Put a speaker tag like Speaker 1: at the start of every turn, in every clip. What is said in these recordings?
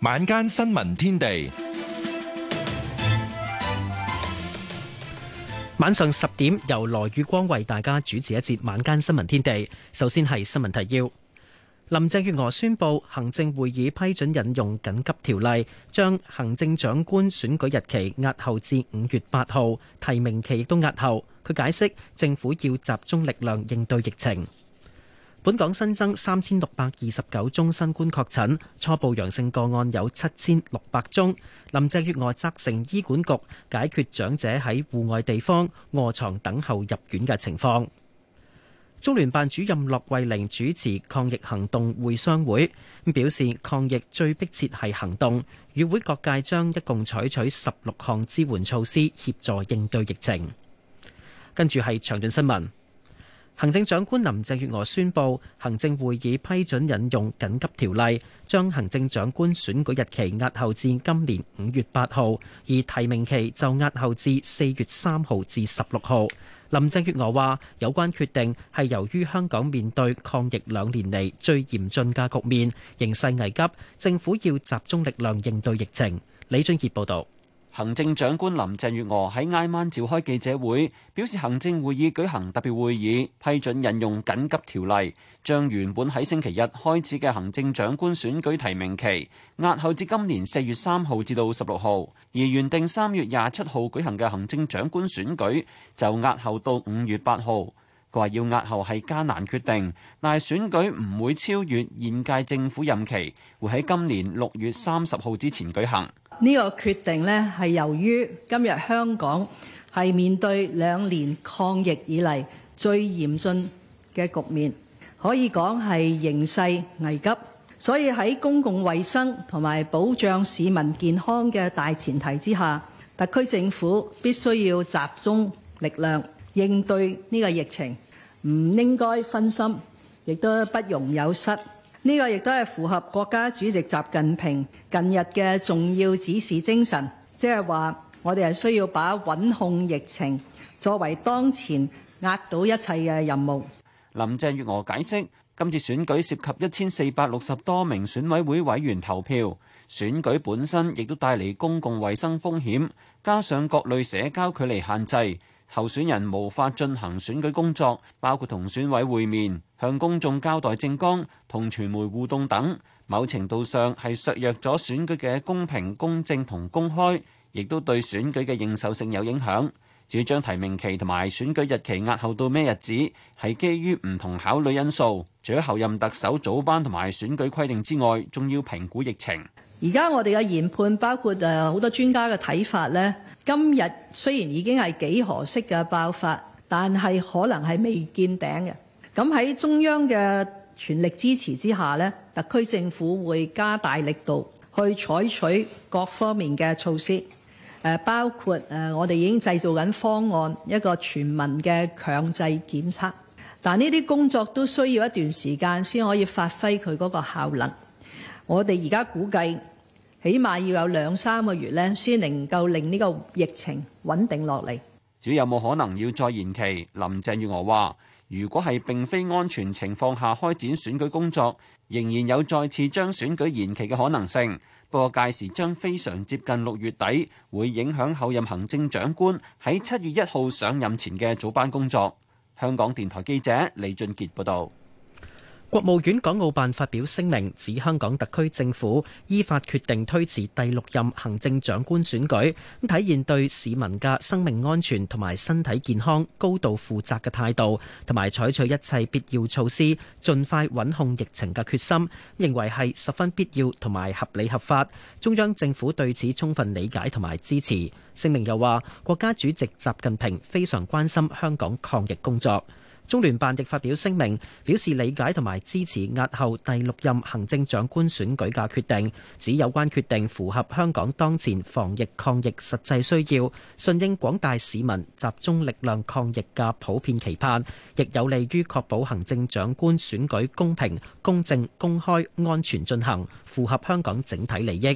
Speaker 1: 晚間新聞天地，晚上十
Speaker 2: 點由羅宇光為大家主持一節晚間新聞天地。首先係新聞提要，林鄭月娥宣布行政會議批准引用緊急條例，將行政長官選舉日期押後至五月八號，提名期亦都押後。佢解釋政府要集中力量應對疫情。本港新增三千六百二十九宗新冠確診，初步陽性個案有七千六百宗。林鄭月娥責成醫管局解決長者喺戶外地方臥床等候入院嘅情況。中聯辦主任駱惠寧主持抗疫行動會商會，表示抗疫最迫切係行動。與會各界將一共採取十六項支援措施協助應對疫情。跟住係詳盡新聞。行政長官林鄭月惡宣布行政會議批准引用緊急條例，將行政長官選個日期壓後至今年5月8 4月3 16
Speaker 3: 行政長官林鄭月娥喺挨晚召開記者會，表示行政會議舉行特別會議，批准引用緊急條例，將原本喺星期日開始嘅行政長官選舉提名期押後至今年四月三號至到十六號，而原定三月廿七號舉行嘅行政長官選舉就押後到五月八號。佢話要押後係艱難決定，但係選舉唔會超越現屆政府任期，會喺今年六月三十號之前舉行。
Speaker 4: 呢個決定咧，係由於今日香港係面對兩年抗疫以嚟最嚴峻嘅局面，可以講係形勢危急。所以喺公共衛生同埋保障市民健康嘅大前提之下，特區政府必須要集中力量應對呢個疫情。唔應該分心，亦都不容有失。呢、這個亦都係符合國家主席習近平近日嘅重要指示精神，即係話我哋係需要把穩控疫情作為當前壓倒一切嘅任務。
Speaker 3: 林鄭月娥解釋，今次選舉涉及一千四百六十多名選委會委員投票，選舉本身亦都帶嚟公共衛生風險，加上各類社交距離限制。候選人無法進行選舉工作，包括同選委會面、向公眾交代政綱、同傳媒互動等，某程度上係削弱咗選舉嘅公平、公正同公開，亦都對選舉嘅認受性有影響。至於將提名期同埋選舉日期押後到咩日子，係基於唔同考慮因素，除咗候任特首組班同埋選舉規定之外，仲要評估疫情。
Speaker 4: 而家我哋嘅研判，包括誒好多專家嘅睇法咧，今日雖然已經係幾何式嘅爆發，但係可能係未見頂嘅。咁喺中央嘅全力支持之下咧，特區政府會加大力度去採取各方面嘅措施，誒，包括誒我哋已經製造緊方案，一個全民嘅強制檢測，但呢啲工作都需要一段時間先可以發揮佢嗰個效能。我哋而家估計，起碼要有兩三個月咧，先能夠令呢個疫情穩定落嚟。
Speaker 3: 至於有冇可能要再延期，林鄭月娥話：如果係並非安全情況下開展選舉工作，仍然有再次將選舉延期嘅可能性。不過屆時將非常接近六月底，會影響候任行政長官喺七月一號上任前嘅早班工作。香港電台記者李俊傑報道。
Speaker 2: 國務院港澳辦發表聲明，指香港特區政府依法決定推遲第六任行政長官選舉，體現對市民嘅生命安全同埋身體健康高度負責嘅態度，同埋採取一切必要措施，盡快穩控疫情嘅決心，認為係十分必要同埋合理合法。中央政府對此充分理解同埋支持。聲明又話，國家主席習近平非常關心香港抗疫工作。中聯辦亦發表聲明，表示理解同埋支持押後第六任行政長官選舉嘅決定，指有關決定符合香港當前防疫抗疫實際需要，順應廣大市民集中力量抗疫嘅普遍期盼，亦有利於確保行政長官選舉公平、公正、公開、安全進行，符合香港整體利益。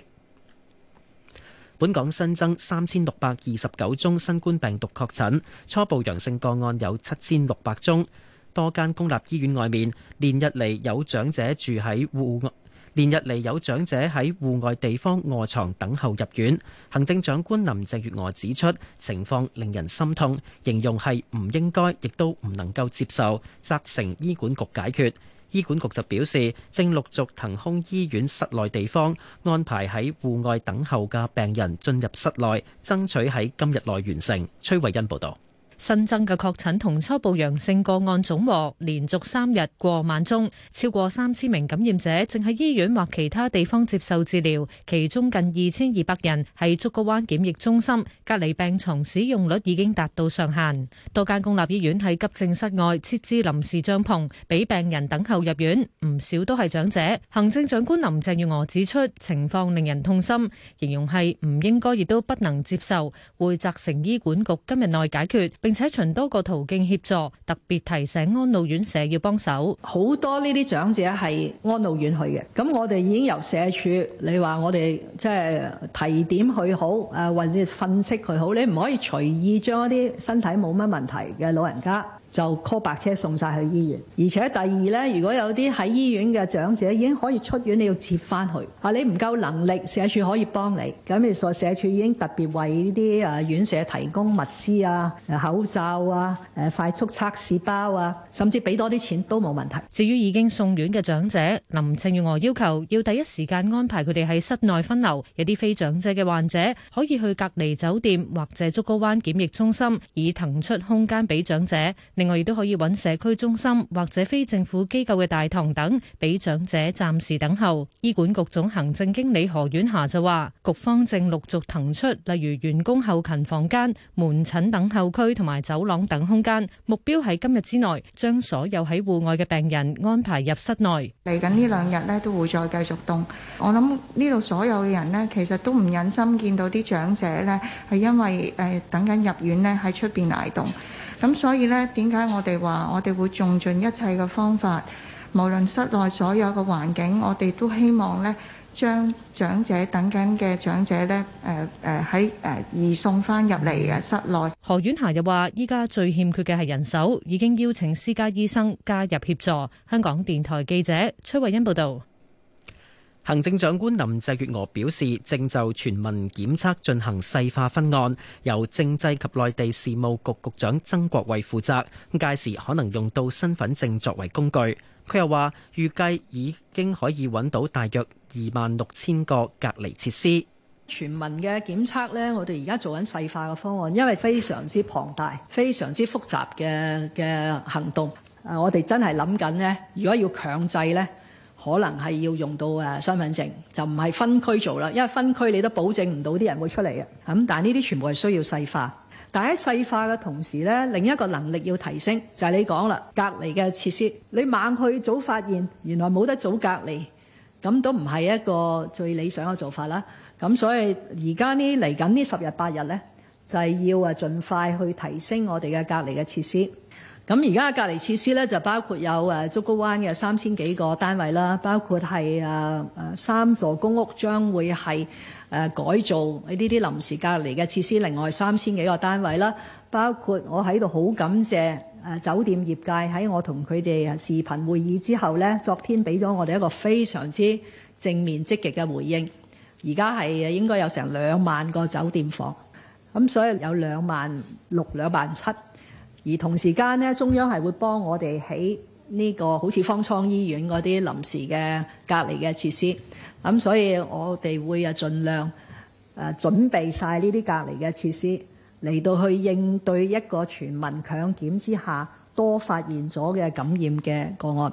Speaker 2: 本港新增三千六百二十九宗新冠病毒確診，初步陽性個案有七千六百宗。多間公立醫院外面連日嚟有長者住喺戶外，連日嚟有長者喺戶外地方臥床等候入院。行政長官林鄭月娥指出，情況令人心痛，形容係唔應該，亦都唔能夠接受，責成醫管局解決。醫管局就表示，正陸續騰空醫院室內地方，安排喺戶外等候嘅病人進入室內，爭取喺今日內完成。崔慧欣報道。
Speaker 5: 新增嘅確診同初步陽性個案總和連續三日過萬宗，超過三千名感染者正喺醫院或其他地方接受治療，其中近二千二百人喺竹篙灣檢疫中心隔離，病牀使用率已經達到上限。多間公立醫院喺急症室外設置臨時帳篷，俾病人等候入院，唔少都係長者。行政長官林鄭月娥指出，情況令人痛心，形容係唔應該亦都不能接受，會責成醫管局今日內解決。並且循多個途徑協助，特別提醒安老院舍要幫手。好多呢啲長者係安老院去嘅，
Speaker 4: 咁我哋已經由社署，你話我哋即係提點佢好，誒或者訓斥佢好，你唔可以隨意將一啲身體冇乜問題嘅老人家。就 call 白車送晒去醫院。而且第二呢，如果有啲喺醫院嘅長者已經可以出院，你要接翻去。啊，你唔夠能力，社署可以幫你。咁其實社署已經特別為呢啲誒院舍提供物資啊、口罩啊、
Speaker 5: 誒、啊、快速測試包啊，甚至俾多啲錢都冇問題。至於已經送院嘅長者，林鄭月娥要求要第一時間安排佢哋喺室內分流。有啲非長者嘅患者可以去隔離酒店或者竹篙灣檢疫中心，以騰出空間俾長者。另外亦都可以揾社區中心或者非政府機構嘅大堂等，俾長者暫時等候。醫管局總行政經理何婉霞就話，局方正陸續騰出，例如員工後勤房間、門診等候區同埋走廊等空間，目標喺今日之內將所有喺戶外嘅病人安排入室內。嚟緊呢兩日咧都會再繼續凍。我諗呢度所有嘅人咧，其實都唔忍心
Speaker 6: 見到啲長者咧，係因為誒等緊入院咧喺出邊挨凍。咁所以呢，點解我哋話我哋會用盡一切嘅方法，無論室內所有嘅環境，我哋都希望呢將長者等緊嘅長者呢誒
Speaker 5: 誒喺誒移送翻入嚟嘅室內。何婉霞又話，依家最欠缺嘅係人手，已經邀請私家醫生加入協助。香港電台記者崔慧欣報道。
Speaker 2: 行政長官林鄭月娥表示，正就全民檢測進行細化分案，由政制及內地事務局局長曾國衛負責。咁屆時可能用到身份證作為工具。佢又話，預計已經可以揾到大約二萬六千個隔離設施。全民
Speaker 4: 嘅檢測呢，我哋而家做緊細化嘅方案，因為非常之龐大、非常之複雜嘅嘅行動。誒，我哋真係諗緊呢，如果要強制呢。可能係要用到誒身份證，就唔係分區做啦，因為分區你都保證唔到啲人會出嚟嘅。咁但係呢啲全部係需要細化，但係喺細化嘅同時呢，另一個能力要提升就係你講啦，隔離嘅設施，你猛去早發現，原來冇得早隔離，咁都唔係一個最理想嘅做法啦。咁所以而家呢嚟緊呢十日八日呢，就係要誒盡快去提升我哋嘅隔離嘅設施。咁而家嘅隔離設施咧就包括有誒竹篙灣嘅三千幾個單位啦，包括係誒誒三座公屋將會係誒改造呢啲臨時隔離嘅設施，另外三千幾個單位啦，包括我喺度好感謝誒酒店業界喺我同佢哋視頻會議之後咧，昨天俾咗我哋一個非常之正面積極嘅回應。而家係應該有成兩萬個酒店房，咁所以有兩萬六、兩萬七。而同時間咧，中央係會幫我哋起呢個好似方艙醫院嗰啲臨時嘅隔離嘅設施，咁所以我哋會啊盡量誒準備晒呢啲隔離嘅設施嚟到去應對一個全民強檢之下多發現咗嘅感染嘅個案。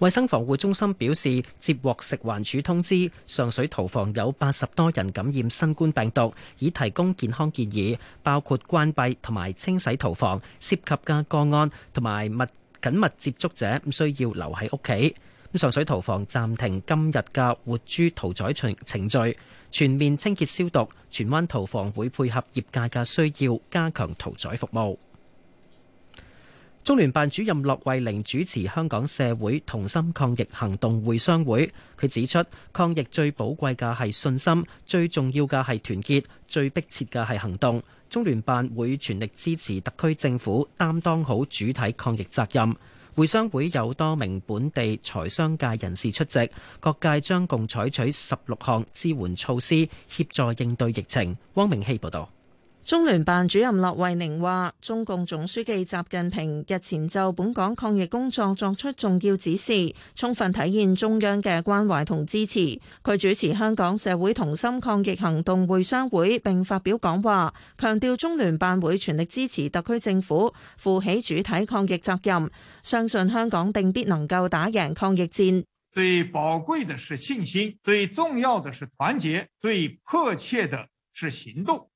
Speaker 2: 衛生防護中心表示，接獲食環署通知，上水屠房有八十多人感染新冠病毒，已提供健康建議，包括關閉同埋清洗屠房。涉及嘅個案同埋密緊密接觸者需要留喺屋企。咁上水屠房暫停今日嘅活豬屠宰程序，全面清潔消毒。荃灣屠房會配合業界嘅需要，加強屠宰服務。中聯辦主任駱惠寧主持香港社會同心抗疫行動會商會，佢指出，抗疫最寶貴嘅係信心，最重要嘅係團結，最迫切嘅係行動。中聯辦會全力支持特區政府擔當好主體抗疫責任。會商會有多名本地財商界人士出席，各界將共採取十六項支援措施，協助應對疫情。汪明希報道。
Speaker 6: 中聯辦主任駱惠寧話：中共總書記習近平日前就本港抗疫工作作出重要指示，充分體現中央嘅關懷同支持。佢主持香港社會同心抗疫行動會商會，並發表講話，強調中聯辦會全力支持特區政府負起主體抗疫責任，相信香港定必能夠打
Speaker 7: 贏抗疫戰。最寶貴的是信心，最重要的是團結，最迫切的是行動。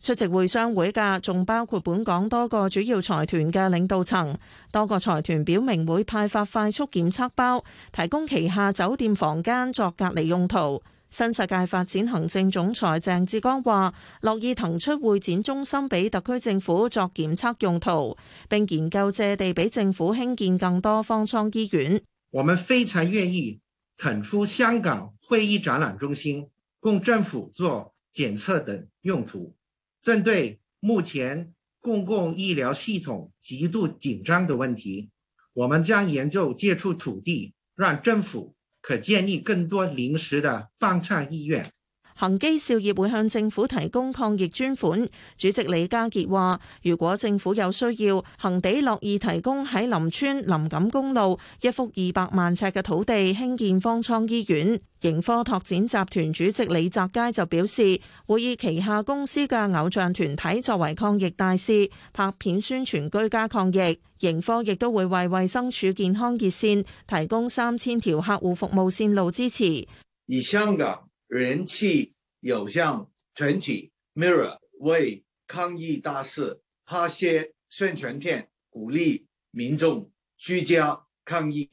Speaker 6: 出席會商會嘅仲包括本港多個主要財團嘅領導層，多個財團表明會派發快速檢測包，提供旗下酒店房間作隔離用途。新世界發展行政總裁鄭志剛話樂意騰出會展中心俾特區政府作檢測用途，並研究借地俾政府興建更多方艙醫院。
Speaker 7: 我們非常願意騰出香港會議展覽中心，供政府做檢測等用途。針對目前公共醫療系統極度緊張的問題，我們將研究借出土地，讓政府可建立更多臨時的方艙醫院。
Speaker 6: 恒基兆業會向政府提供抗疫專款。主席李家傑話，如果政府有需要，恒地樂意提供喺林村林錦公路一幅二百萬尺嘅土地興建方艙醫院。盈科拓展集團主席李澤楷就表示，會以旗下公司嘅偶像團體作為抗疫大使，拍片宣傳居家抗疫。盈科亦都會為衛生署健康熱線提供三千條客戶服務線路支
Speaker 7: 持。而香港。人氣偶像團體 Mirror 為抗疫大事拍些宣傳片，鼓勵民眾居家抗疫，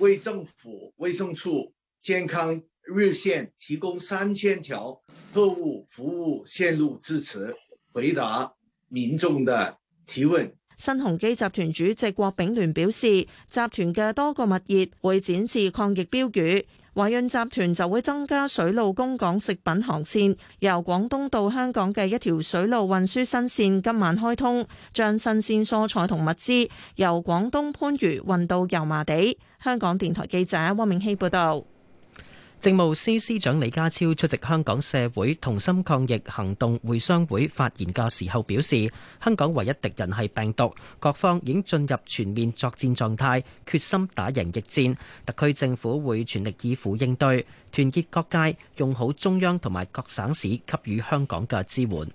Speaker 7: 為政府衛生處健康熱線提供三千條特務服務線路支持，回答民眾的提問。
Speaker 6: 新鴻基集團主席郭炳聯表示，集團嘅多個物業會展示抗疫標語。華潤集團就會增加水路供港食品航線，由廣東到香港嘅一條水路運輸新線今晚開通，將新鮮蔬菜同物資由廣東番禺運到油麻地。香港電台記者汪明熙報道。
Speaker 2: 政務司司長李家超出席香港社會同心抗疫行動會商會發言嘅時候表示，香港唯一敵人係病毒，各方已經進入全面作戰狀態，決心打贏疫戰。特區政府會全力以赴應對，團結各界，用好中央同埋各省市給予香港嘅支援。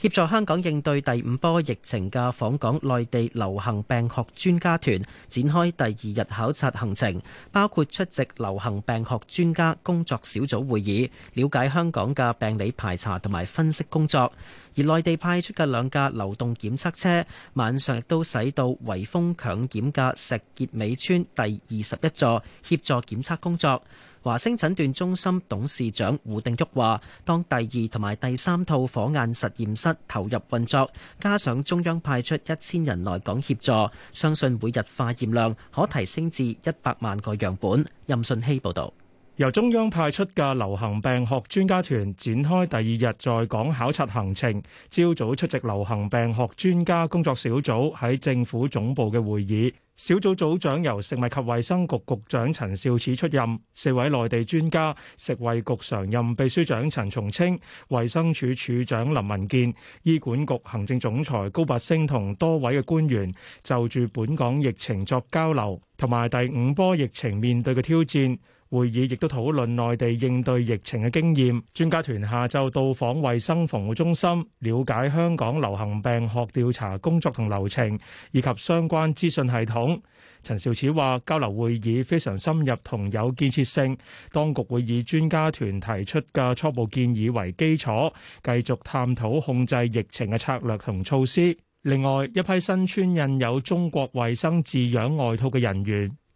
Speaker 2: 協助香港應對第五波疫情嘅訪港內地流行病學專家團展開第二日考察行程，包括出席流行病學專家工作小組會議，了解香港嘅病理排查同埋分析工作。而內地派出嘅兩架流動檢測車，晚上亦都駛到圍封強檢嘅石硤尾邨第二十一座協助檢測工作。華星診斷中心董事長胡定旭話，當第二同埋第三套火眼實驗室投入運作，加上中央派出一千人來港協助，相信每日化驗量可提升至一百萬個樣本。任信希
Speaker 1: 報道。由中央派出嘅流行病學專家團展開第二日在港考察行程，朝早出席流行病學專家工作小組喺政府總部嘅會議。小組組長由食物及衛生局局長陳肇始出任，四位內地專家、食衛局常任秘書長陳松青、衛生署署長林文健、醫管局行政總裁高拔升同多位嘅官員就住本港疫情作交流，同埋第五波疫情面對嘅挑戰。會議亦都討論內地應對疫情嘅經驗。專家團下晝到訪衛生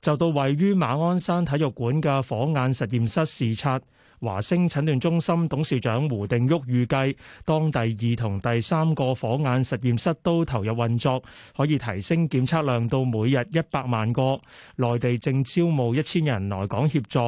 Speaker 1: 就到位於馬鞍山體育館嘅火眼實驗室視察。華星診斷中心董事長胡定旭預計，當第二同第三個火眼實驗室都投入運作，可以提升檢測量到每日一百萬個。內地正招募一千人來港協助。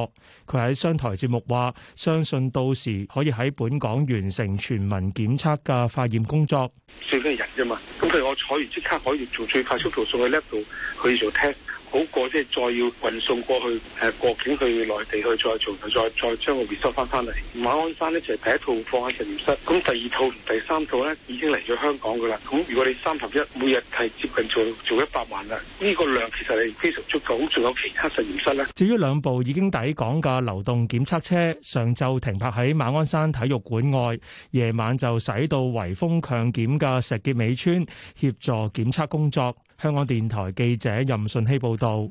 Speaker 1: 佢喺商台節目話相信到時可以喺本港完成全民檢測嘅化驗工作。最緊係人啫嘛，咁佢我採完即刻可以做最快速度送去 lab 度去做 test。好過即係再要運送過去誒國、啊、境去內地去再做再再將個回收翻翻嚟。馬鞍山呢就係第一套放喺實驗室，咁第二套、同第三套咧已經嚟咗香港噶啦。咁如果
Speaker 8: 你三合一，每日係接近做做一百萬啦，呢、這個量其實係非常足夠，仲有其他實驗室咧。
Speaker 1: 至於兩部已經抵港嘅流動檢測車，上晝停泊喺馬鞍山體育館外，夜晚就駛到圍封強檢嘅石硤尾村協助檢測工作。香港電台記者任順希報道，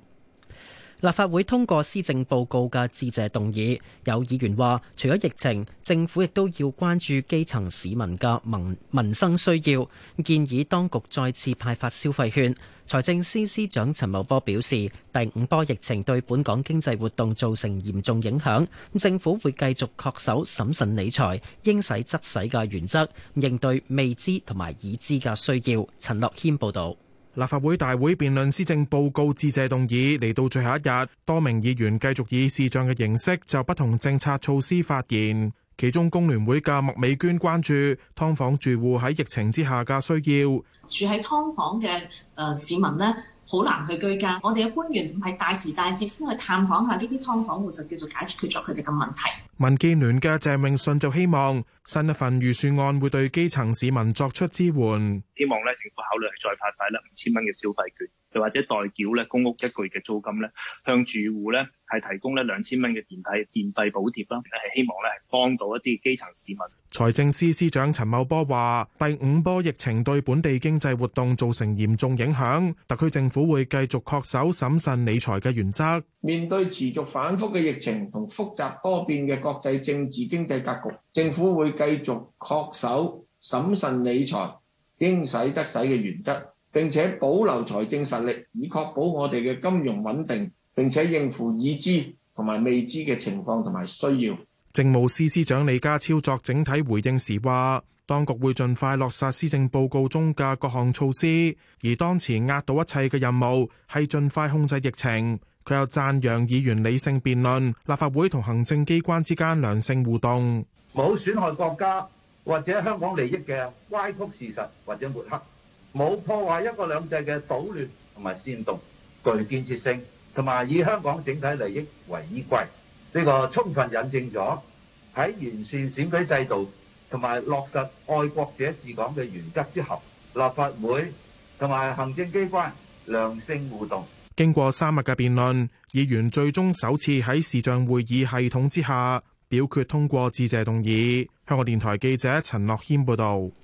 Speaker 2: 立法會通過施政報告嘅致謝動議。有議員話，除咗疫情，政府亦都要關注基層市民嘅民民生需要，建議當局再次派發消費券。財政司司長陳茂波錶示，第五波疫情對本港經濟活動造成嚴重影響，政府會繼續恪守審慎理財、應使則使嘅
Speaker 8: 原則，應對未知同埋已知嘅需要。陳樂謙報道。立法會大會辯論施政報告致謝動議嚟到最後一日，多名議員繼續以視像嘅形式就不同政策措施發言。其中工聯會嘅麥美娟關注㓥房住戶喺疫情之下嘅需要。
Speaker 9: 住喺劏房嘅誒市民呢，好難去居家。我哋嘅官員唔係大時大節先去探訪下呢啲劏房戶，就叫做解決咗佢哋嘅問題。
Speaker 8: 民建聯嘅鄭明信就希望新一份預算案會對基層市民作出支援。
Speaker 10: 希望咧，政府考慮係再發晒呢五千蚊嘅消費券。又或者代繳咧公屋一個月嘅租金咧，向住戶咧係提供咧兩千蚊嘅電費電費補貼啦，係希望咧係幫到一啲基層市民。
Speaker 8: 財政司司長陳茂波話，第五波疫情對本地經濟活動造成嚴重影響，特區政府會繼續恪守審慎理財嘅原則。
Speaker 1: 面對持續反覆嘅疫情同複雜多變嘅國際政治經濟格局，政府會繼續恪守審慎理財應使則使嘅原則。並且保留財政實力，以確保我哋嘅金融穩定，並且應付已知同埋未知嘅情況同埋需要。
Speaker 8: 政務司司長李家超作整體回應時話，當局會盡快落實施政報告中嘅各項措施，而當前壓倒一切嘅任務係盡快控制疫情。佢又讚揚議員理性辯論，立法會同行政機關之間良性互動，
Speaker 10: 冇損害國家或者香港利益嘅歪曲事實或者抹黑。冇破壞一國兩制嘅搗亂同埋煽動，具建設性，同埋以香港整體利益為依歸。呢個充分引證咗喺完善選舉制度同埋落實愛國者治港嘅原則之後，立法會同埋行政機關良性互動。
Speaker 8: 經過三日嘅辯論，議員最終首次喺視像會議系統之下表決通過致謝動議。香港電台記者陳樂軒報導。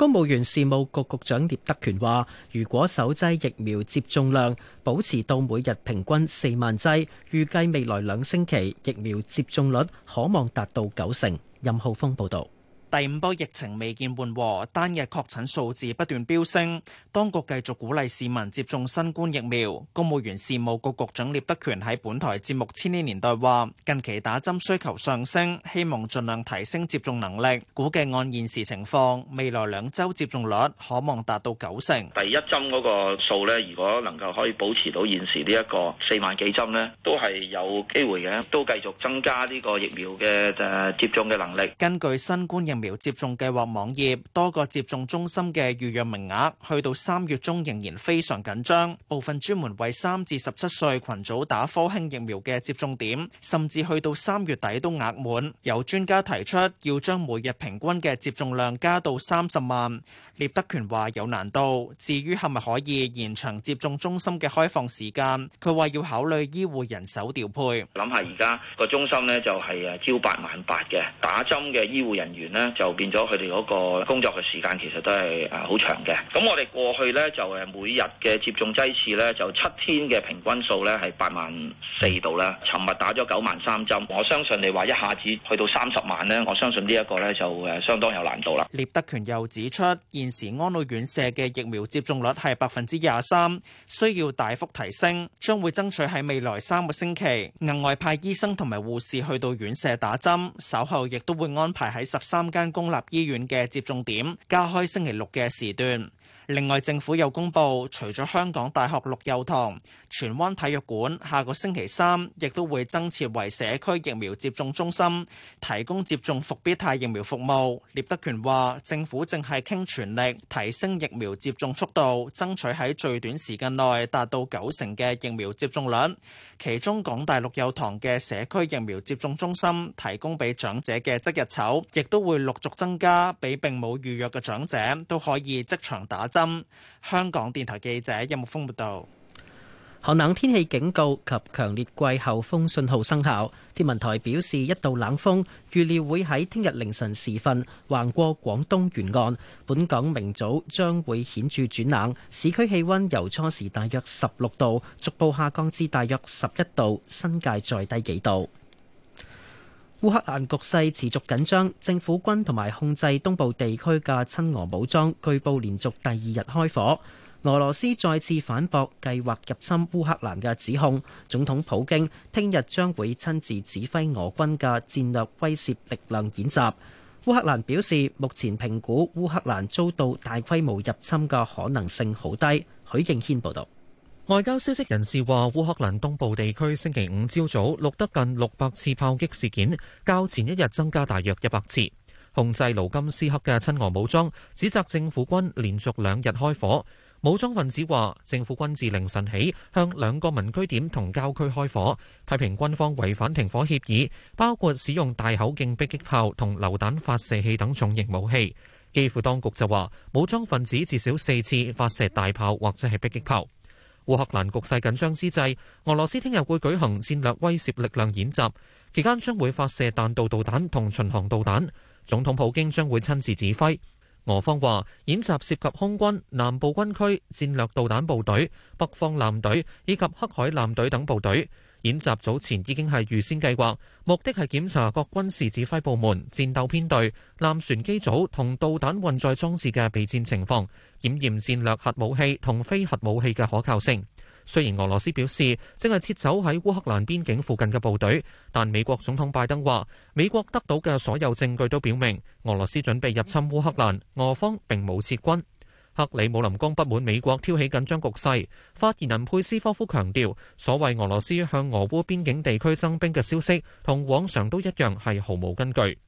Speaker 8: 公務員事務局局長聶德權話，如果首
Speaker 2: 劑疫苗接種量保持到每日平均四萬劑，預計未來兩星期疫苗接種率可望達到九成。任浩峰報道。
Speaker 7: 第五波疫情未見緩和，單日確診數字不斷飆升。當局繼續鼓勵市民接種新冠疫苗。公務員事務局局長聶德權喺本台節目《千禧年代》話：近期打針需求上升，希望盡量提升接種能力。估計按現時情況，未來兩週接種率可望達到九成。
Speaker 10: 第一針嗰個數咧，如果能夠可以保持到現時呢一個四萬幾針咧，都係有機會嘅，都繼續增加呢個疫苗嘅誒接種嘅能力。
Speaker 7: 根據新冠疫苗接種計劃網頁，多個接種中心嘅預約名額，去到三月中仍然非常緊張。部分專門為三至十七歲群組打科興疫苗嘅接種點，甚至去到三月底都額滿。有專家提出要將每日平均嘅接種量加到三十萬。聶德權話有難度，至於係咪可以延長接種中心嘅開放時間，佢話要考慮醫護人手調配。
Speaker 10: 諗下而家個中心呢，就係誒朝八晚八嘅打針嘅醫護人員呢，就變咗佢哋嗰個工作嘅時間其實都係誒好長嘅。咁我哋過去呢，就誒每日嘅接種劑次呢，就七天嘅平均數呢，係八萬四度啦。尋日打咗九萬三針，我相信你話一下子去到三十萬呢，我相信呢一個呢，就誒相當有難度啦。
Speaker 7: 聶德權又指出現時安老院舍嘅疫苗接種率係百分之廿三，需要大幅提升，將會爭取喺未來三個星期額外派醫生同埋護士去到院舍打針，稍後亦都會安排喺十三間公立醫院嘅接種點，加開星期六嘅時段。另外，政府又公布，除咗香港大學陸佑堂、荃灣體育館，下個星期三亦都會增設為社區疫苗接種中心，提供接種復必泰疫苗服務。聶德權話，政府正係傾全力提升疫苗接種速度，爭取喺最短時間內達到九成嘅疫苗接種率。其中，港大陸佑堂嘅社區疫苗接種中心提供俾長者嘅即日籌，亦都會陸續增加俾，並冇預約嘅長者都可以即場打針。香港電台記者任木峰報道：
Speaker 2: 寒冷天氣警告及強烈季候風信號生效。天文台表示，一道冷鋒預料會喺聽日凌晨時分橫過廣東沿岸，本港明早將會顯著轉冷，市區氣溫由初時大約十六度逐步下降至大約十一度，新界再低幾度。烏克蘭局勢持續緊張，政府軍同埋控制東部地區嘅親俄武裝據報連續第二日開火。俄羅斯再次反駁計劃入侵烏克蘭嘅指控。總統普京聽日將會親自指揮俄軍嘅戰略威懾力量演習。烏克蘭表示目前評估烏克蘭遭到大規模入侵嘅可能性好低。許
Speaker 11: 敬軒報道。外交消息人士話，烏克蘭東部地區星期五朝早錄得近六百次炮擊事件，較前一日增加大約一百次。控制盧金斯克嘅親俄武裝指責政府軍連續兩日開火，武裝分子話政府軍自凌晨起向兩個民居點同郊區開火，批評軍方違反停火協議，包括使用大口徑迫擊炮同榴彈發射器等重型武器。基輔當局就話武裝分子至少四次發射大炮或者係迫擊炮。烏克蘭局勢緊張之際，俄羅斯聽日會舉行戰略威懾力量演習，期間將會發射彈道導彈同巡航導彈，總統普京將會親自指揮。俄方話，演習涉及空軍、南部軍區戰略導彈部隊、北方艦隊以及黑海艦隊等部隊。演習早前已經係預先計劃，目的係檢查各軍事指揮部門、戰鬥編隊、艦船機組同導彈運載裝置嘅備戰情況，檢驗戰略核武器同非核武器嘅可靠性。雖然俄羅斯表示正係撤走喺烏克蘭邊境附近嘅部隊，但美國總統拜登話，美國得到嘅所有證據都表明俄羅斯準備入侵烏克蘭，俄方並冇撤軍。克里姆林宮不滿美國挑起緊張局勢，發言人佩斯科夫強調，所謂俄羅斯向俄烏邊境地區增兵嘅消息，同往常都一樣係毫無根據。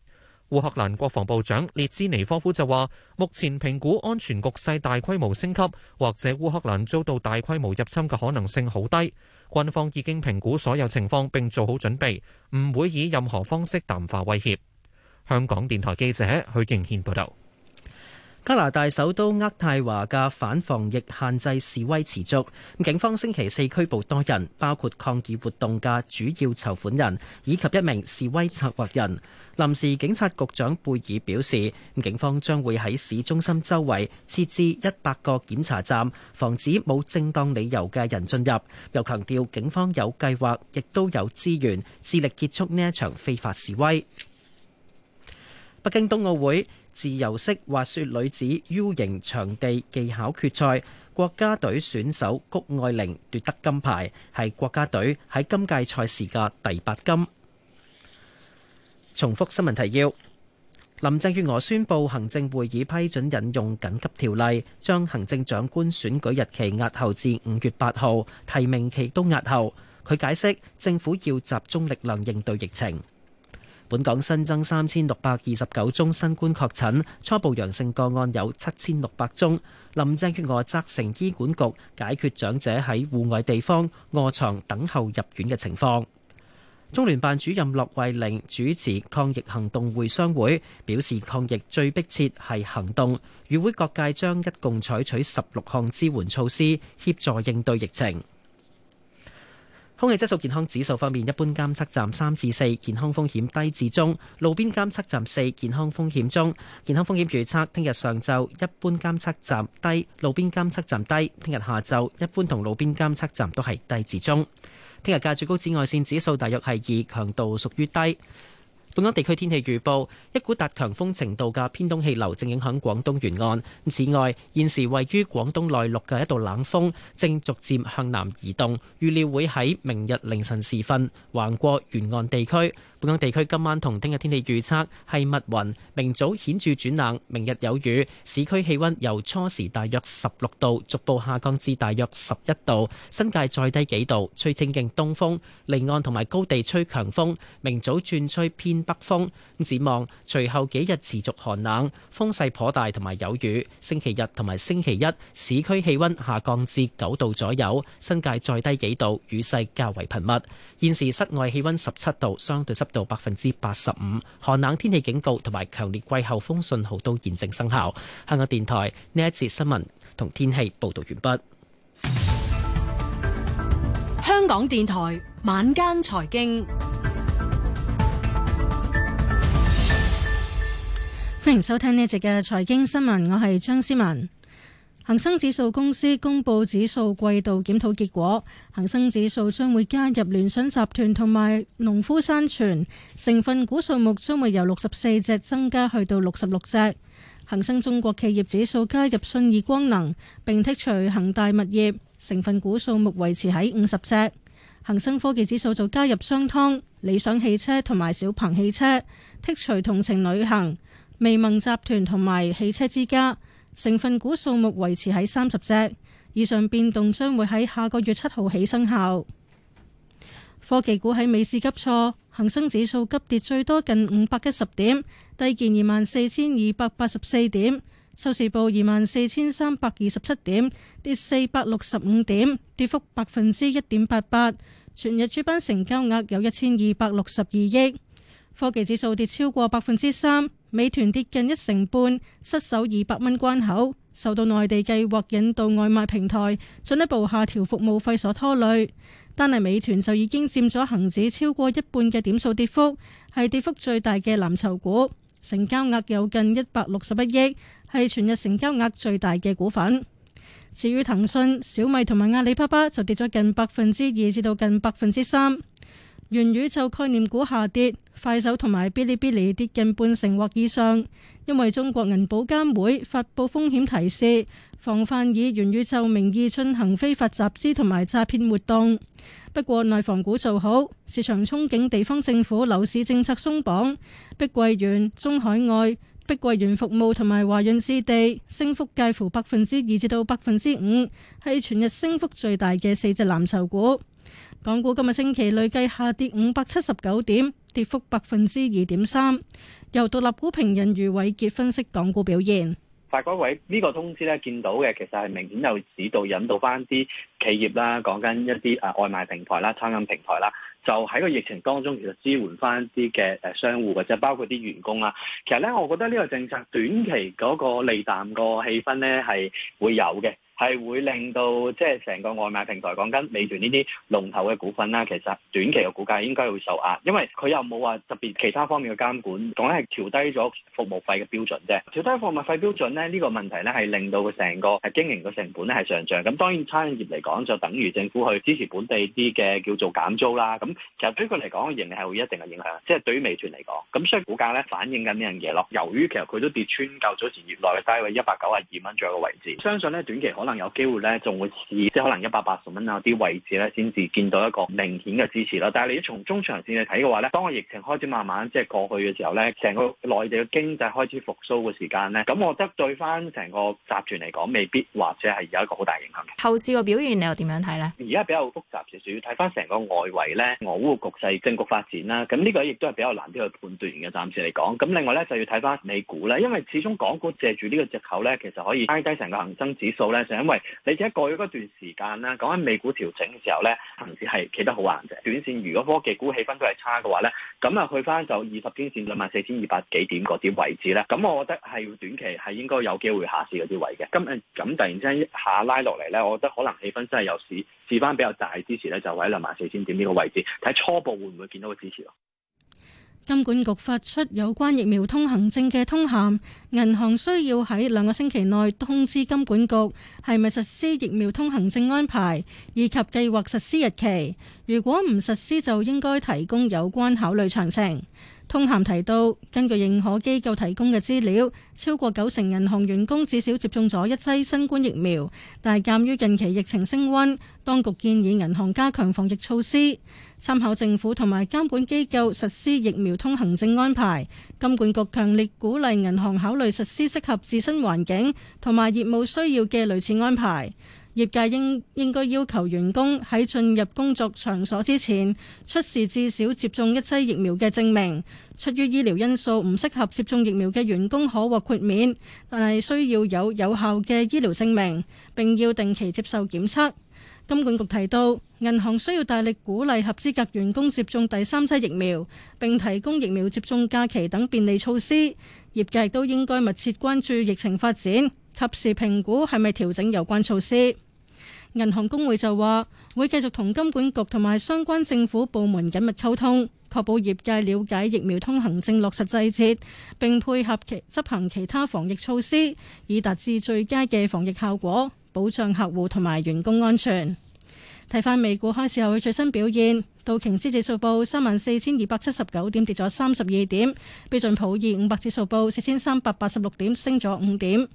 Speaker 11: 烏克蘭國防部長列茲尼科夫就話，目前評估安全局勢大規模升級或者烏克蘭遭到大規模入侵嘅可能性好低，軍方已經評估所有情況並做好準備，唔會以任何方式淡化威脅。香港電台記者許敬軒報道。
Speaker 2: 加拿大首都渥太華嘅反防疫限制示威持續，警方星期四拘捕多人，包括抗議活動嘅主要籌款人以及一名示威策劃人。臨時警察局長貝爾表示，警方將會喺市中心周圍設置一百個檢查站，防止冇正當理由嘅人進入。又強調警方有計劃亦都有資源，致力結束呢一場非法示威。北京冬奧會。自由式滑雪女子 U 型場地技巧決賽，國家隊選手谷愛凌奪得金牌，係國家隊喺今屆賽事嘅第八金。重複新聞提要：林鄭月娥宣布行政會議批准引用緊急條例，將行政長官選舉日期押後至五月八號，提名期都押後。佢解釋，政府要集中力量應對疫情。本港新增三千六百二十九宗新冠確診，初步陽性個案有七千六百宗。林鄭月娥責成醫管局解決長者喺戶外地方臥床等候入院嘅情況。中聯辦主任駱惠寧主持抗疫行動會商會，表示抗疫最迫切係行動。與會各界將一共採取十六項支援措施，協助應對疫情。空氣質素健康指數方面，一般監測站三至四，健康風險低至中；路邊監測站四，健康風險中。健康風險預測：聽日上晝一般監測站低，路邊監測站低；聽日下晝一般同路邊監測站都係低至中。聽日嘅最高紫外線指數大約係二，強度屬於低。本港地區天氣預報，一股達強風程度嘅偏東氣流正影響廣東沿岸。此外，現時位於廣東內陸嘅一道冷鋒正逐漸向南移動，預料會喺明日凌晨時分橫過沿岸地區。本港地區今晚同聽日天氣預測係密雲，明早顯著轉冷，明日有雨。市區氣溫由初時大約十六度逐步下降至大約十一度，新界再低幾度。吹清勁東風，離岸同埋高地吹強風。明早轉吹偏北風。展望隨後幾日持續寒冷，風勢頗大同埋有雨。星期日同埋星期一市區氣溫下降至九度左右，新界再低幾度，雨勢較為頻密。現時室外氣溫十七度，相對濕。到百分之八十五，寒冷天氣警告同埋強烈季候風信號都現正生效。香港電台呢一節新聞同天氣報道完畢。
Speaker 12: 香港電台晚間財經，歡迎收聽呢一節嘅財經新聞，我係張思文。恒生指數公司公布指數季度檢討結果，恒生指數將會加入聯想集團同埋農夫山泉，成份股數目將會由六十四隻增加去到六十六隻。恒生中國企業指數加入信義光能，並剔除恒大物業，成份股數目維持喺五十隻。恒生科技指數就加入商湯、理想汽車同埋小鵬汽車，剔除同程旅行、微盟集團同埋汽車之家。成分股數目維持喺三十隻，以上變動將會喺下個月七號起生效。科技股喺尾市急挫，恒生指數急跌最多近五百一十點，低見二萬四千二百八十四點，收市報二萬四千三百二十七點，跌四百六十五點，跌幅百分之一點八八。全日主板成交額有一千二百六十二億，科技指數跌超過百分之三。美團跌近一成半，失守二百蚊關口，受到內地計劃引導外賣平台進一步下調服務費所拖累。但係美團就已經占咗恒指超過一半嘅點數跌幅，係跌幅最大嘅藍籌股，成交額有近一百六十一億，係全日成交額最大嘅股份。至於騰訊、小米同埋阿里巴巴就跌咗近百分之二至到近百分之三。元宇宙概念股下跌，快手同埋嗶哩嗶哩跌近半成或以上，因為中國銀保監會發布風險提示，防範以元宇宙名義進行非法集資同埋詐騙活動。不過內房股做好，市場憧憬地方政府樓市政策鬆綁，碧桂園、中海外、碧桂園服務同埋華潤置地升幅介乎百分之二至到百分之五，係全日升幅最大嘅四隻藍籌股。港股今日星期累計下跌五百七十九點，跌幅百分之二點三。由獨立股評人余偉杰分析港股表現。
Speaker 10: 發改委呢個通知咧，見到嘅其實係明顯有指導引導翻啲企業啦，講緊一啲誒外賣平台啦、餐飲平台啦，就喺個疫情當中，其實支援翻啲嘅誒商戶或者包括啲員工啦。其實咧，我覺得呢個政策短期嗰個利淡個氣氛咧係會有嘅。係會令到即係成個外賣平台講緊，美團呢啲龍頭嘅股份啦，其實短期嘅股價應該會受壓，因為佢又冇話特別其他方面嘅監管，講緊係調低咗服務費嘅標準啫。調低服務費標準咧，呢個問題咧係令到佢成個經營嘅成本咧係上漲。咁當然餐飲業嚟講，就等於政府去支持本地啲嘅叫做減租啦。咁其實對於佢嚟講，仍然係會一定嘅影響。即係對於美團嚟講，咁所以股價咧反映緊呢樣嘢咯。由於其實佢都跌穿夠早前月內嘅低位一百九十二蚊左右嘅位置，相信咧短期。可能有機會咧，仲會試即係可能一百八十蚊啊啲位置咧，先至見到一個明顯嘅支持啦。但係你一從中長線去睇嘅話咧，當個疫情開始慢慢即係過去嘅時候咧，成個內地嘅經濟開始復甦嘅時間咧，咁我覺得對翻成個集團嚟講，未必或者係有一個好大影響嘅。
Speaker 6: 後市嘅表現你又點樣睇咧？
Speaker 10: 而家比較複雜，就主要睇翻成個外圍咧，俄烏局勢、政局發展啦。咁呢個亦都係比較難啲去判斷嘅。暫時嚟講，咁另外咧就要睇翻美股咧，因為始終港股借住呢個藉口咧，其實可以拉低成個恒生指數咧。因為你睇過去嗰段時間啦，講緊美股調整嘅時候咧，恆指係企得好硬嘅。短線如果科技股氣氛都係差嘅話咧，咁啊去翻就二十天線兩萬四千二百幾點嗰啲位置咧，咁我覺得係短期係應該有機會下試嗰啲位嘅。咁誒咁突然之間下拉落嚟咧，我覺得可能氣氛真係有試試翻比較大支持咧，就喺兩萬四千點呢個位置，睇初步會唔會見到個支持咯。
Speaker 12: 金管局發出有關疫苗通行證嘅通函，銀行需要喺兩個星期內通知金管局係咪實施疫苗通行證安排，以及計劃實施日期。如果唔實施，就應該提供有關考慮詳情。通函提到，根據認可機構提供嘅資料，超過九成銀行員工至少接種咗一劑新冠疫苗，但係鑑於近期疫情升溫，當局建議銀行加強防疫措施，參考政府同埋監管機構實施疫苗通行證安排，金管局強烈鼓勵銀行考慮實施適合自身環境同埋業務需要嘅類似安排。業界應應該要求員工喺進入工作場所之前，出示至少接種一劑疫苗嘅證明。出於醫療因素唔適合接種疫苗嘅員工可獲豁免，但係需要有有效嘅醫療證明，並要定期接受檢測。及時評估係咪調整有關措施。銀行工會就話會繼續同金管局同埋相關政府部門緊密溝通，確保業界了解疫苗通行證落實細節，並配合其執行其他防疫措施，以達至最佳嘅防疫效果，保障客戶同埋員工安全。睇翻美股開市後嘅最新表現，道瓊斯指數報三萬四千二百七十九點，跌咗三十二點；標準普爾五百指數報四千三百八十六點，升咗五點。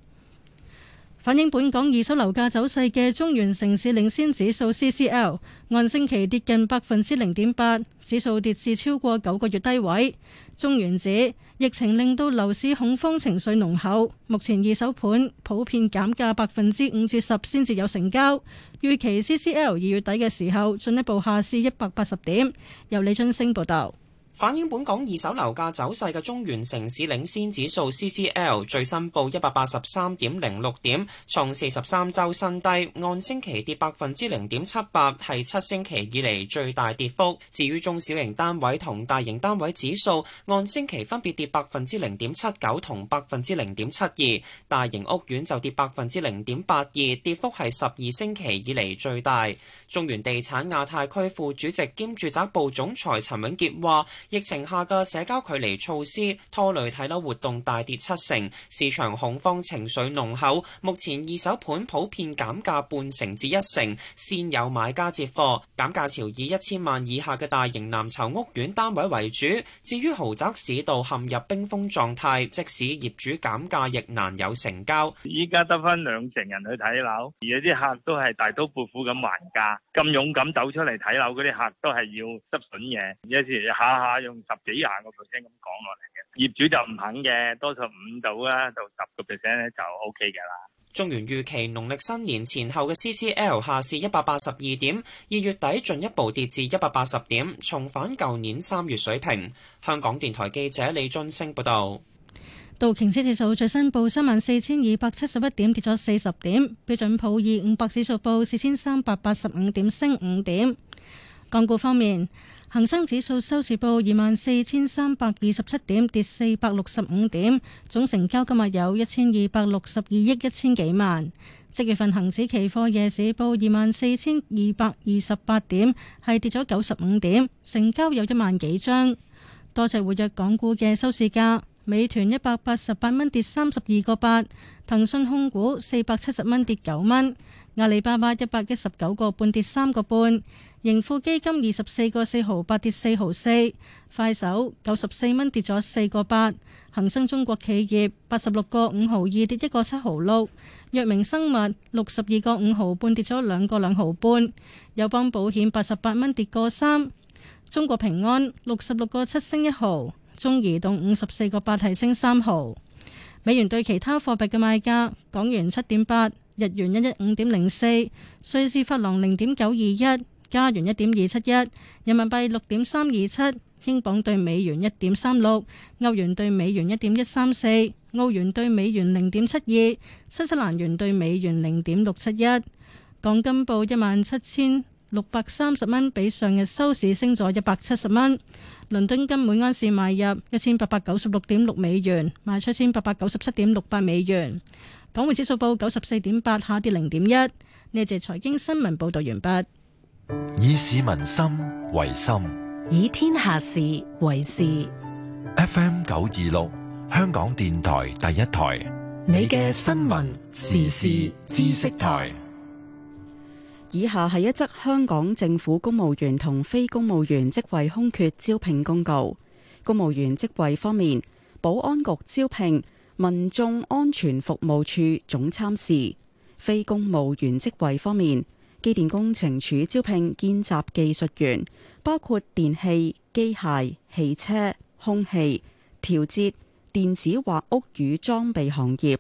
Speaker 12: 反映本港二手樓價走勢嘅中原城市領先指數 C C L，按星期跌近百分之零點八，指數跌至超過九個月低位。中原指疫情令到樓市恐慌情緒濃厚，目前二手盤普遍減價百分之五至十先至有成交。預期 C C L 二月底嘅時候進一步下市一百八十點。由李俊升報道。
Speaker 13: 反映本港二手樓價走勢嘅中原城市領先指數 CCL 最新報一百八十三點零六點，創四十三周新低，按星期跌百分之零點七八，係七星期以嚟最大跌幅。至於中小型單位同大型單位指數，按星期分別跌百分之零點七九同百分之零點七二，大型屋苑就跌百分之零點八二，跌幅係十二星期以嚟最大。中原地產亞太區副主席兼住宅部總裁陳永傑話：疫情下嘅社交距離措施拖累睇樓活動大跌七成，市場恐慌情緒濃厚。目前二手盤普遍減價半成至一成，先有買家接貨。減價潮以一千萬以下嘅大型藍籌屋苑單位為主。至於豪宅市道陷入冰封狀態，即使業主減價，亦
Speaker 10: 難有成交。依家得翻兩成人去睇樓，而有啲客都係大刀闊斧咁還價，咁勇敢走出嚟睇樓嗰啲客都係要執筍嘢，有時下下，下。用十幾廿個 percent 咁講落嚟嘅業主就唔肯嘅，多數五到啦，到十個 percent 咧就 OK 嘅啦。
Speaker 13: 中原預期農曆新年前後嘅 CCL 下市一百八十二點，二月底進一步跌至一百八十點，重返舊年三月水平。香港電台記者李俊升報道。
Speaker 12: 道瓊斯指數最新報三萬四千二百七十一點，跌咗四十點。標準普爾五百指數報四千三百八十五點，升五點。港股方面。恒生指數收市報二萬四千三百二十七點，跌四百六十五點，總成交今日有一千二百六十二億一千幾萬。即月份恒指期貨夜市報二萬四千二百二十八點，係跌咗九十五點，成交有一萬幾張。多謝活躍港股嘅收市價。美團一百八十八蚊跌三十二個八，騰訊控股四百七十蚊跌九蚊，阿里巴巴一百一十九個半跌三個半，盈富基金二十四個四毫八跌四毫四，快手九十四蚊跌咗四個八，恒生中國企業八十六個五毫二跌一個七毫六，藥明生物六十二個五毫半跌咗兩個兩毫半，友邦保險八十八蚊跌個三，中國平安六十六個七升一毫。中移動五十四個八提升三毫，美元對其他貨幣嘅賣價：港元七點八，日元一一五點零四，瑞士法郎零點九二一，加元一點二七一，人民幣六點三二七，英鎊對美元一點三六，歐元對美元一點一三四，澳元對美元零點七二，新西蘭元對美元零點六七一，港金報一萬七千，六百三十蚊，比上日收市升咗一百七十蚊。倫敦金每安士買入一千八百九十六點六美元，賣出一千八百九十七點六八美元。港匯指數報九十四點八，下跌零點一。呢節財經新聞報道完畢。
Speaker 10: 以市民心為心，
Speaker 12: 以天下事
Speaker 1: 為事。F M 九二六，香港電台第一台，你嘅新聞時事知識台。以
Speaker 9: 下係一則香港政府公務員同非公務員職位空缺招聘公告。公務員職位方面，保安局招聘民眾安全服務處總參事；非公務員職位方面，機電工程處招聘見習技術員，包括電器、機械、汽車、空氣調節、電子或屋宇裝備行業；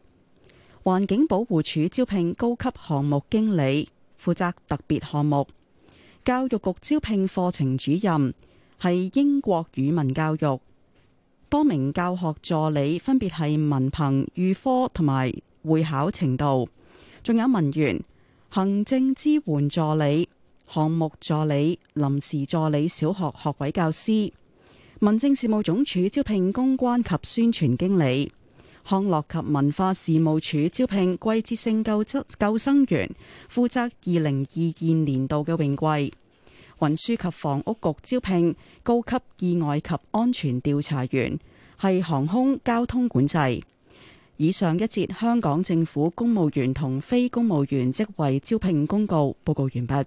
Speaker 9: 環境保護署招聘高級項目經理。負責特別項目，教育局招聘課程主任係英國語文教育，多名教學助理分別係文憑、預科同埋會考程度，仲有文員、行政支援助理、項目助理、臨時助理小學學位教師。民政事務總署招聘公關及宣傳經理。康樂及文化事務署招聘季節性救則救生員，負責二零二二年度嘅泳季。運輸及房屋局招聘高級意外及安全調查員，係航空交通管制。以上一節香港政府公務員同非公務員職位招聘公告，報告完
Speaker 1: 畢。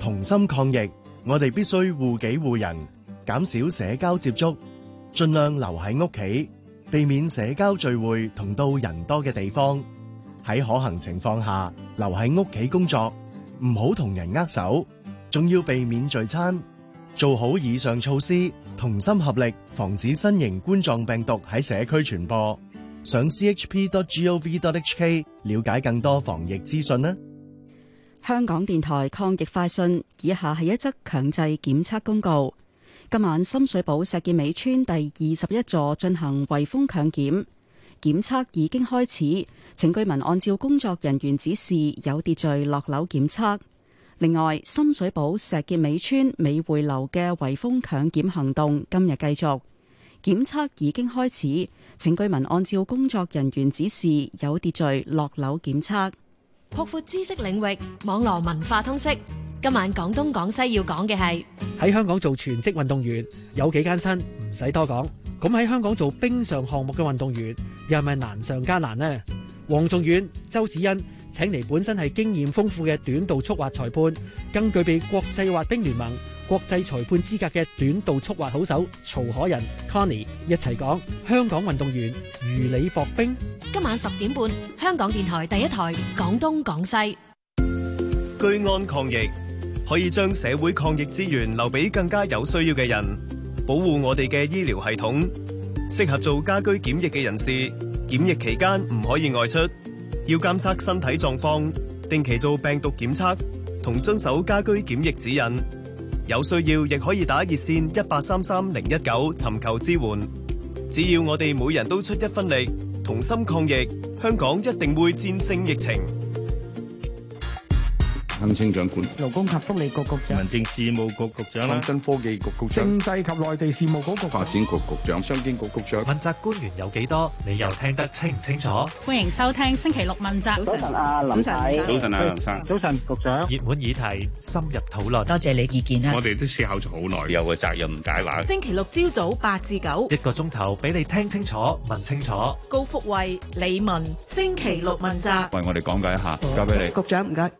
Speaker 1: 同心抗疫，我哋必須護己護人，減少社交接觸。盡量留喺屋企，避免社交聚會同到人多嘅地方。喺可行情況下，留喺屋企工作，唔好同人握手，仲要避免聚餐。做好以上措施，同心合力，防止新型冠狀病毒喺社區傳播。上 chp.gov.hk 了解更多防疫資訊啦。香港電
Speaker 9: 台抗疫快訊，以下係一則強制檢測公告。今晚深水埗石硤尾村第二十一座進行圍封強檢，檢測已經開始，請居民按照工作人員指示有秩序落樓檢測。另外，深水埗石硤尾村美匯樓嘅圍封強檢行動今日繼續，檢測已經開始，請居民按照工作人員指示有秩序落樓檢測。擴闊知
Speaker 5: 識領域，網絡文化通識。今晚講東講西要講嘅係
Speaker 10: 喺香港做全職運動員有幾艱辛，唔使多講。咁喺香港做冰上項目嘅運動員又係咪難上加難呢？黃仲遠、周子欣，請嚟本身係經驗豐富嘅短道速滑裁判，更具備國際滑冰聯盟，國際裁判資格嘅短
Speaker 5: 道速
Speaker 7: 滑好手曹可仁 有需要亦可以打熱線一八三三零一九尋求支援。只要我哋每人都出一分力，同心抗疫，香港一定會戰勝疫情。
Speaker 10: 行政長官、勞工及福利局局長、民政事務局局長啦、創
Speaker 7: 新
Speaker 11: 科
Speaker 10: 技局局長、政制及內地事務局局長、發展局局長、商經局局長。問責官員有幾多？你又聽得清唔清楚？
Speaker 5: 歡迎收聽星期六問責。早晨，阿林仔。早
Speaker 10: 晨，阿林生。早晨，局長。熱門議題，深入討論。多謝你意見啊！我哋都思考咗好
Speaker 3: 耐，有嘅責任解惑。星
Speaker 6: 期六朝早八至九，
Speaker 3: 一個鐘頭俾你聽清楚、問清楚。
Speaker 6: 高福慧、李文，星期六問責。
Speaker 3: 為我哋講解一下，交俾你。局
Speaker 10: 長，唔該。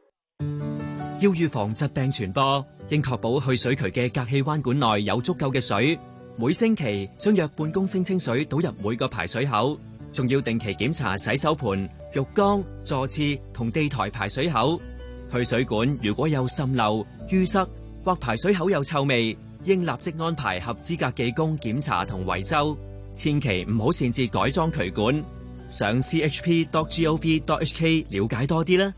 Speaker 10: 要預防疾病傳播，應確保去水渠嘅隔氣彎管內有足夠嘅水。每星期將約半公升清水倒入每個排水口，仲要定期檢查洗手盆、浴缸、坐廁同地台排水口。去水管如果有滲漏、淤塞或排水口有臭味，應立即安排合資格技工檢查同維修。千祈唔好擅自改裝渠管。上 chp.gov.hk 了解多啲啦。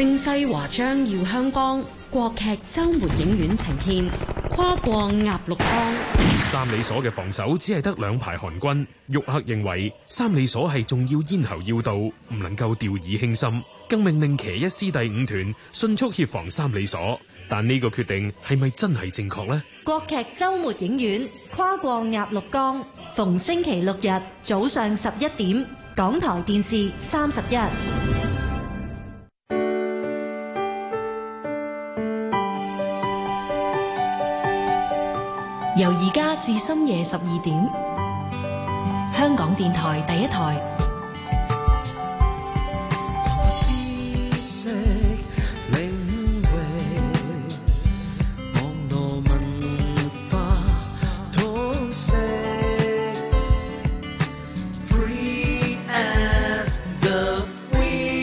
Speaker 5: 盛世華章耀香江，國劇周末影院呈現。跨過鴨綠江，
Speaker 1: 三里所嘅防守只係得兩排韓軍。沃克認為三里所係重要咽喉要道，唔能夠掉以輕心，更命令騎一師第五團迅速協防三里所。但呢個決定
Speaker 8: 係咪真係正確呢？
Speaker 4: 國劇周末影院跨過鴨綠江，逢星期六日早上十一點，港台電視三十一。
Speaker 5: 由而家至深夜十二點，香港電台第一台。